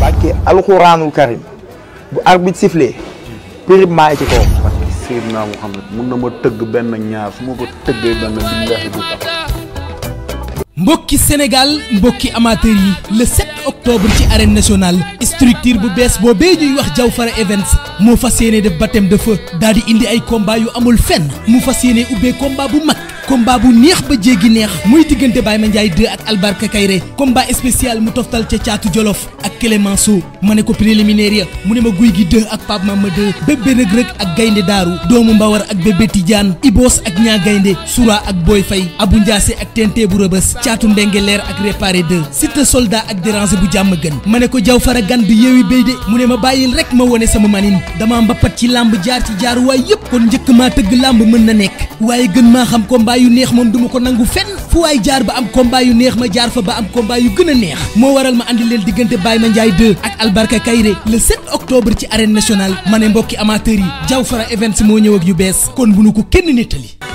barke alxuraanul karim bu arbitre sifflé périm maa ci kaw. parce que Seydina Mouhamed mun na ma tëgg benn ñaar su mu ko tëggee benn biñ leex tax mbokki Sénégal mbokki amateur yi le 7 octobre ci arène nationale structure bu bees boobee ñuy wax Diawfara Events moo fas yéene def baptême de feu daal di indi ay combat yu amul fenn mu fas yéene ubbee combat bu mag combat bu neex ba jéggi neex muy diggante Baye Mandiaye 2 ak Albarka Kayré combat spécial mu toftal ca caatu Jolof ak Clémenceau ma ne ko préliminaire ya mu ne ma guy gi 2 ak Pape ma 2 bébé nag rek ak gaynde daaru doomu Mbawar ak bébé Tidiane ak ñaa gaynde Soura ak Boy Faye Abou caatu ndengeleer ak réparé 2 Siteu ak déranger bu jàmm gën ma ne ko jaw fara gan bi yeewi béy de mu ne ma bàyyil rek ma wone sama manin dama mbappat ci làmb jaar ci jaar waaye yëpp kon njëkk maa tëgg làmb mën na nekk waaye gën maa xam combat yu neex moom duma ko nangu fenn fu waay jaar ba am combat yu neex ma jaar fa ba am combat yu gën a neex moo waral ma andi leen diggante Baye ma 2 ak Albarka Kayré le 7 octobre ci arène nationale ma ne mbokki amateurs yi jaw fara events moo ñëw ak yu bees kon bu ko kenn nettali